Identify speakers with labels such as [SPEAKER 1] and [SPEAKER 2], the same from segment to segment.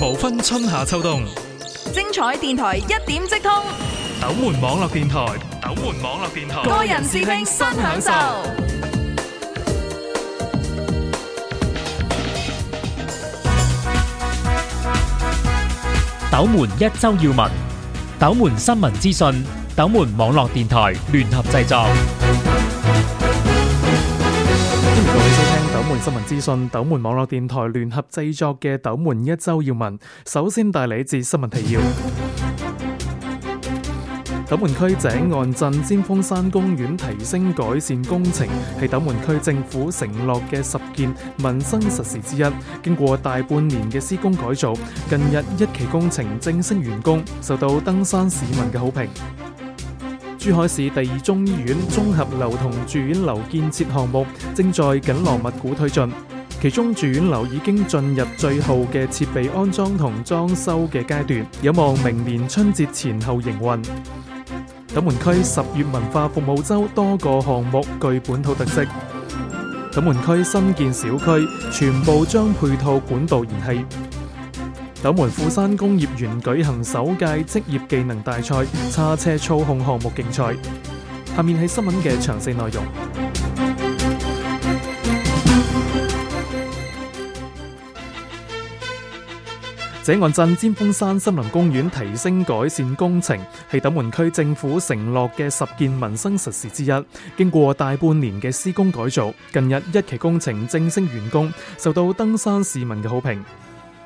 [SPEAKER 1] 無分春夏秋冬，精彩電台一點即通。斗門網絡電台，斗門網絡電台，個人視聽，新享受。斗門一周要聞，斗門新聞資訊，斗門網絡電台聯合製作。斗門新聞資訊、斗門網絡電台聯合製作嘅《斗門一周要聞》，首先帶你至新聞提要。斗門區井岸鎮尖峰山公園提升改善工程係斗門區政府承諾嘅十件民生實事之一，經過大半年嘅施工改造，近日一期工程正式完工，受到登山市民嘅好評。珠海市第二中醫院綜合樓同住院樓建設項目正在緊鑼密鼓推進，其中住院樓已經進入最後嘅設備安裝同裝修嘅階段，有望明年春節前後營運。斗門區十月文化服務周多個項目具本土特色，斗門區新建小區全部將配套管道燃氣。斗門富山工業園舉行首屆職業技能大賽叉車操控項目競賽。下面係新聞嘅詳細內容。井岸鎮尖峰山森林公園提升改善工程係斗門區政府承諾嘅十件民生實事之一。經過大半年嘅施工改造，近日一期工程正式完工，受到登山市民嘅好評。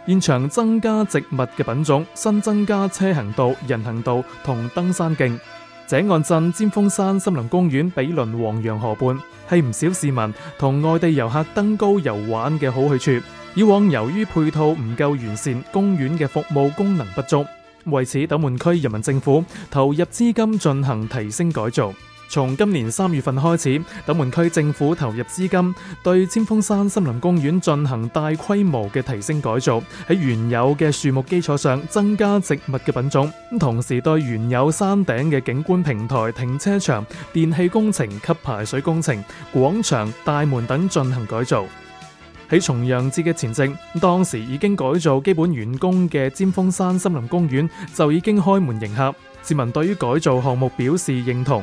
[SPEAKER 1] 現場增加植物嘅品種，新增加車行道、人行道同登山徑。井岸鎮尖峰山森林公園毗鄰黃洋河畔，係唔少市民同外地遊客登高遊玩嘅好去處。以往由於配套唔夠完善，公園嘅服務功能不足，為此斗門區人民政府投入資金進行提升改造。從今年三月份開始，斗門區政府投入資金對尖峰山森林公園進行大規模嘅提升改造。喺原有嘅樹木基礎上增加植物嘅品種，同時對原有山頂嘅景觀平台、停車場、電氣工程及排水工程、廣場、大門等進行改造。喺重陽節嘅前夕，當時已經改造基本完工嘅尖峰山森林公園就已經開門迎客。市民對於改造項目表示認同。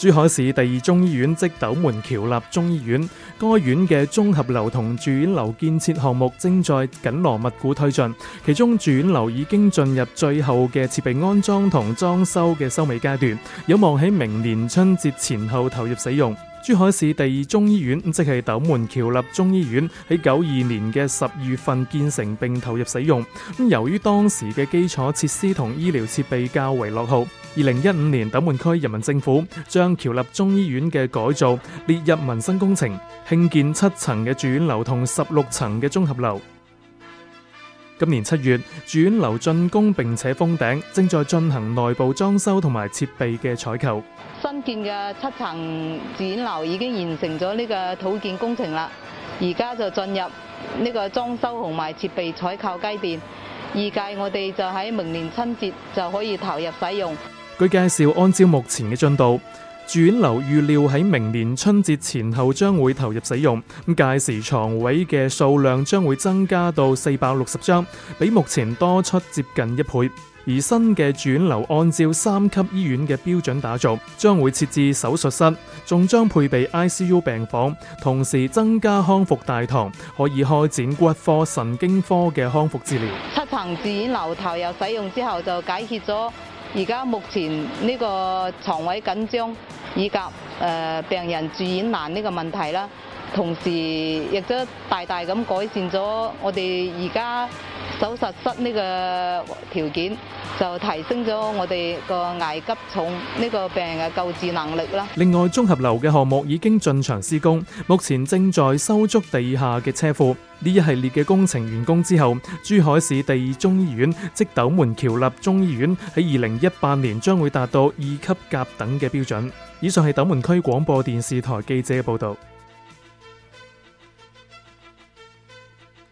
[SPEAKER 1] 珠海市第二中醫院即斗門橋立中醫院，該院嘅綜合樓同住院樓建設項目正在緊鑼密鼓推進，其中住院樓已經進入最後嘅設備安裝同裝修嘅收尾階段，有望喺明年春節前後投入使用。珠海市第二中醫院，即係斗門僑立中醫院，喺九二年嘅十二月份建成並投入使用。咁由於當時嘅基礎設施同醫療設備較為落後，二零一五年斗門區人民政府將僑立中醫院嘅改造列入民生工程，興建七層嘅住院樓同十六層嘅綜合樓。今年七月，住院樓竣工並且封頂，正在進行內部裝修同埋設備嘅採購。新建嘅七層住院樓已經完成咗呢個土建工程啦，而家就進入呢個裝修同埋設備採購階段。預計我哋就喺明年春節就可以投入使用。據介紹，按照目前嘅進度。住院樓預料喺明年春節前後將會投入使用，咁屆時床位嘅數量將會增加到四百六十張，比目前多出接近一倍。而新嘅住院樓按照三級醫院嘅標準打造，將會設置手術室，仲將配備 ICU 病房，同時增加康復大堂，可以開展骨科、神經科嘅康復治療。七層住院樓投入使用之後，就解決咗而家目前呢個床位緊張，以及誒病人住院難呢個問題啦。同時亦都大大咁改善咗我哋而家手術室呢個條件，就提升咗我哋個危急重呢個病嘅救治能力啦。另外，綜合樓嘅項目已經進場施工，目前正在收足地下嘅車庫。呢一系列嘅工程完工之後，珠海市第二中醫院即斗門橋立中醫院喺二零一八年將會達到二級甲等嘅標準。以上係斗門區廣播電視台記者嘅報導。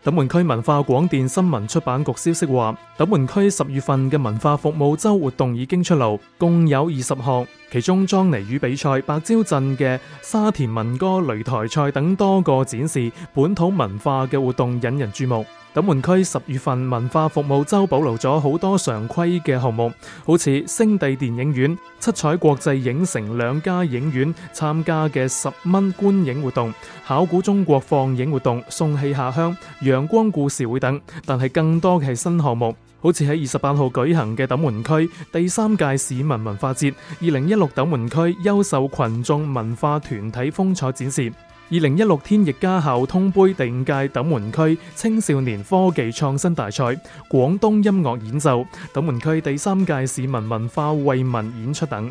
[SPEAKER 1] 斗門區文化廣電新聞出版局消息話，斗門區十月份嘅文化服務周活動已經出爐，共有二十項，其中裝泥魚比賽、白蕉鎮嘅沙田民歌擂台賽等多個展示本土文化嘅活動引人注目。斗門區十月份文化服務周保留咗好多常規嘅項目，好似星地電影院、七彩國際影城兩家影院參加嘅十蚊觀影活動、考古中國放映活動、送戲下鄉、陽光故事會等。但係更多嘅係新項目，好似喺二十八號舉行嘅斗門區第三屆市民文化節、二零一六斗門區優秀群眾文化團體風采展示。二零一六天翼家校通杯第五屆斗門區青少年科技創新大賽、廣東音樂演奏、斗門區第三屆市民文化惠民演出等，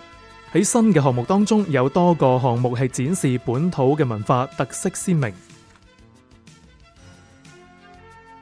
[SPEAKER 1] 喺新嘅項目當中，有多個項目係展示本土嘅文化特色鮮明。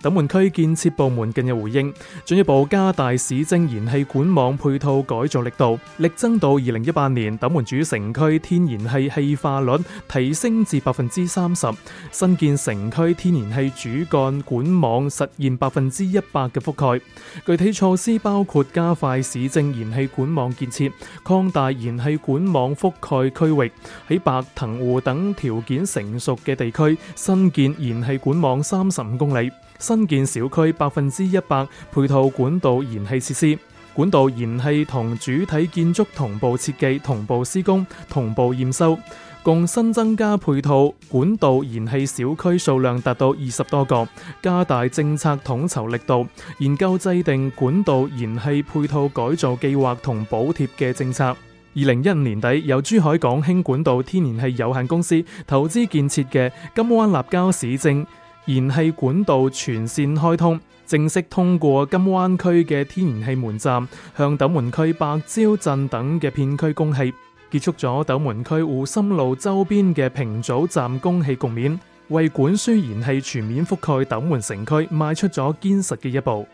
[SPEAKER 1] 斗門區建設部門近日回應，進一步加大市政燃氣管網配套改造力度，力爭到二零一八年斗門主城區天然氣氣化率提升至百分之三十，新建城區天然氣主幹管網實現百分之一百嘅覆蓋。具體措施包括加快市政燃氣管網建設，擴大燃氣管網覆蓋區域，喺白藤湖等條件成熟嘅地區新建燃氣管網三十五公里。新新建小區百分之一百配套管道燃氣設施，管道燃氣同主體建築同步設計、同步施工、同步驗收，共新增加配套管道燃氣小區數量達到二十多個。加大政策統籌力度，研究制定管道燃氣配套改造計劃同補貼嘅政策。二零一五年底，由珠海港興管道天然氣有限公司投資建設嘅金灣立交市政。燃氣管道全線開通，正式通過金灣區嘅天然氣門站，向斗門區白蕉鎮等嘅片區供氣，結束咗斗門區湖心路周邊嘅平組站供氣局面，為管輸燃氣全面覆蓋斗門城區邁出咗堅實嘅一步。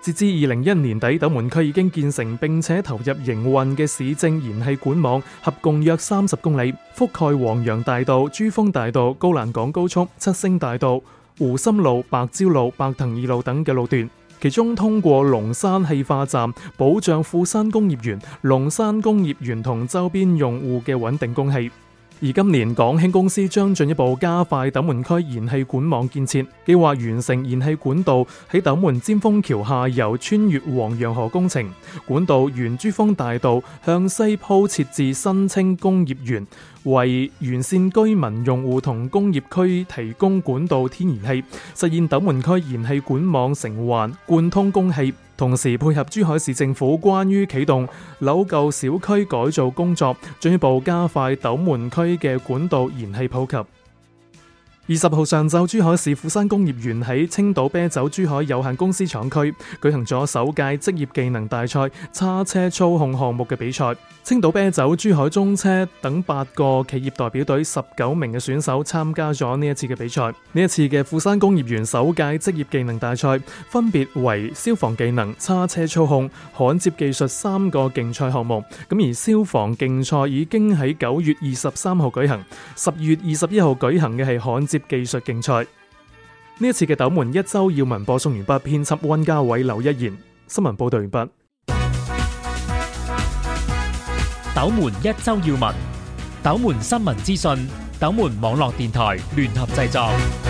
[SPEAKER 1] 截至二零一一年底，斗門區已經建成並且投入營運嘅市政燃氣管網合共約三十公里，覆蓋黃楊大道、珠峰大道、高欄港高速、七星大道、湖心路、白蕉路、白藤二路等嘅路段，其中通過龍山氣化站保障富山工業園、龍山工業園同周邊用戶嘅穩定供氣。而今年，港興公司將進一步加快斗門區燃氣管網建設，計劃完成燃氣管道喺斗門尖峰橋下游穿越黃楊河工程，管道沿珠峰大道向西鋪設至新青工業園，為完善居民用戶同工業區提供管道天然氣，實現斗門區燃氣管網成環貫通供氣。同時配合珠海市政府關於啟動老舊小區改造工作，進一步加快斗門區嘅管道燃氣普及。二十號上晝，珠海市富山工業園喺青島啤酒珠海有限公司廠區舉行咗首屆職業技能大賽叉車操控項目嘅比賽。青島啤酒、珠海中車等八個企業代表隊十九名嘅選手參加咗呢一次嘅比賽。呢一次嘅富山工業園首屆職業技能大賽，分別為消防技能、叉車操控、焊接技術三個競賽項目。咁而消防競賽已經喺九月二十三號舉行，十月二十一號舉行嘅係焊接技術競賽。呢一次嘅《斗門一周要聞》播送完畢，編輯溫家偉、劉一言新聞報道完畢，《斗門一周要聞》《斗門新聞資訊》《斗門網絡電台》聯合製作。